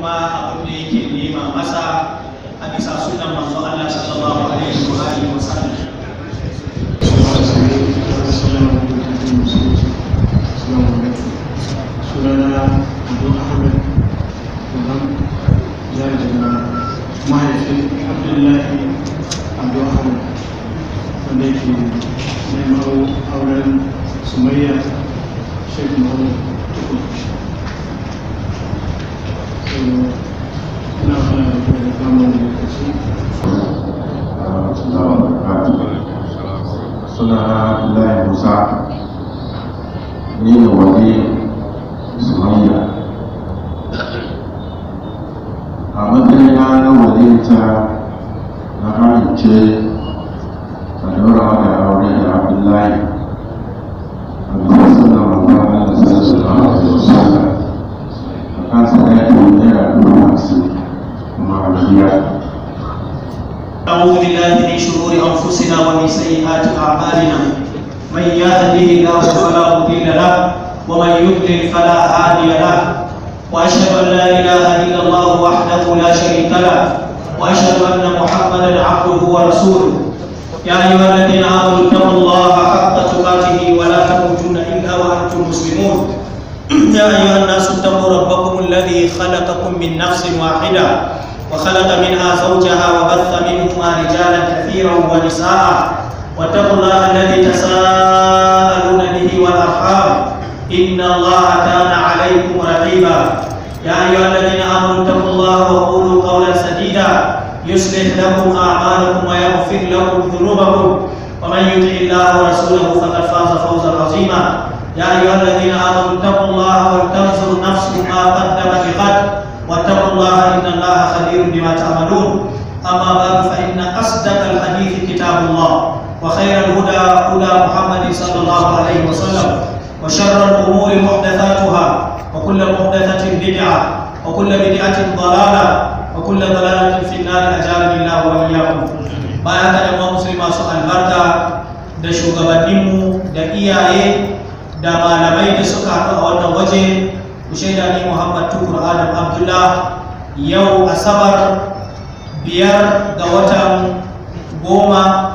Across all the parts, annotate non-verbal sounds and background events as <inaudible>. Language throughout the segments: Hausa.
kuma abin da yake nema masa a bisa sunan manzo Allah sallallahu alaihi wa alihi wa sallam sunana Abdu Abdullahi Abdu auren Sumayya Sheikh sunana Abdullahi Musa ni ne waje Sumayya a matsayina na wajenta na amince أعوذ بالله من شرور انفسنا ومن سيئات اعمالنا من يهده الله فلا مضل له ومن يضلل فلا هادي له واشهد ان لا اله الا الله وحده لا شريك له واشهد ان محمدا عبده ورسوله يا ايها الذين امنوا اتقوا الله حق تقاته ولا تموتن الا وانتم مسلمون <clears throat> يا ايها الناس اتقوا ربكم الذي خلقكم من نفس واحده وخلق منها زوجها وبث منهما رجالا كثيرا ونساء واتقوا الله الذي تساءلون به والارحام ان الله كان عليكم رقيبا يا ايها الذين امنوا اتقوا الله وقولوا قولا سديدا يصلح لكم اعمالكم ويغفر لكم ذنوبكم ومن يطع الله ورسوله فقد فاز فوزا عظيما يا ايها الذين امنوا اتقوا الله ولتنظر نفس ما قدمت لغد واتقوا الله إن الله خبير بما تعملون أما بعد فإن أصدق الحديث كتاب الله وخير الهدى هدى محمد صلى الله عليه وسلم وشر الأمور محدثاتها وكل محدثة بدعة وكل بدعة ضلالة وكل ضلالة في النار أجارني الله وإياكم بعد ان ɗan musulma su albarka da shugabanninmu da دا da malamai da suka haɗu ku shaida ni muhammad tukur adam abdullah yau asabar biyar ga watan goma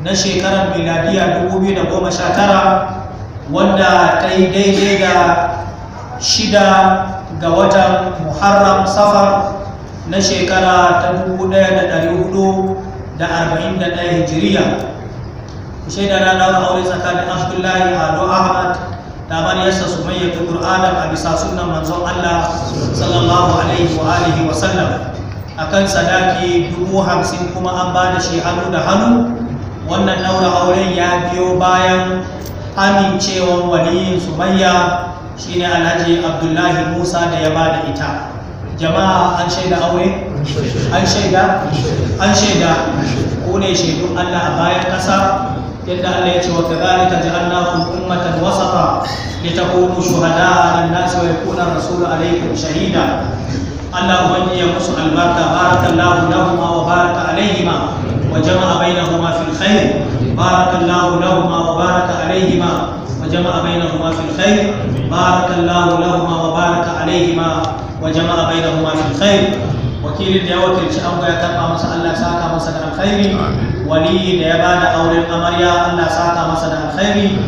na shekarar miladiya 2019 wanda ta yi daidai da shida ga watan muharram safar na shekara ta 1441 hijiriya ku shaida na daura aure tsakanin abdullahi ado ahmad labariyarsa su mai yadda ƙur'anin a bisa sunan manzon Allah sallallahu alaihi wa alihi wa sallam a kan sadaki dubu hamsin kuma an ba da shi hannu da hannu wannan naura auren ya biyo bayan cewa waliyin sumayya shine alhaji abdullahi musa da ya ba da ita jama'a an shaida aure an shaida an shaida ko ne shaidun allah a bayan ƙasa yadda Allah ya ce wa kadhalika ja'alnakum ummatan wasata litakunu shuhada'a 'alan nasi wa yakuna rasulu 'alaykum shahida Allah ubangiji ya musu albarka barakallahu lahumma wa baraka alayhima wa jama'a bainahuma fil khair barakallahu lahumma wa baraka alayhima وجمع بينهما في الخير بارك الله لهما وبارك عليهما وجمع بينهما في الخير wakilin da ya wakilci ango ya karɓa masa Allah saka masa da alkhairi waliyi da ya bada auren amarya Allah saka masa da alkhairi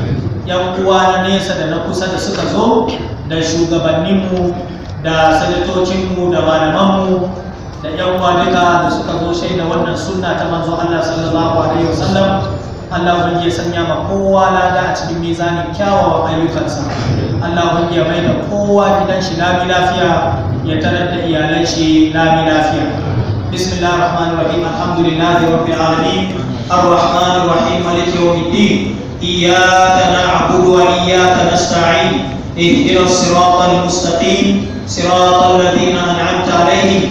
yan uwa na nesa da na kusa da suka zo da shugabanninmu da sanatocin mu da malaman mu da yan uwa da suka zo shaida wannan sunna ta manzo Allah sallallahu alaihi wasallam Allah ubangi ya sanya ma kowa lada a cikin mizanin kyawawan ayyukansa Allah ubangi ya bai da kowa gidan shi lami lafiya ya tarar da لا منافع بسم الله الرحمن الرحيم الحمد لله رب العالمين الرحمن الرحيم مالك يوم الدين اياك نعبد واياك نستعين اهدنا الصراط المستقيم صراط الذين انعمت عليهم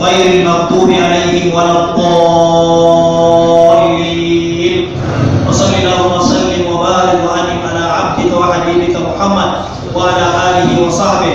غير المغضوب عليهم ولا الضالين وصل اللهم وسلم وبارك وانعم على عبدك وحبيبك محمد وعلى اله وصحبه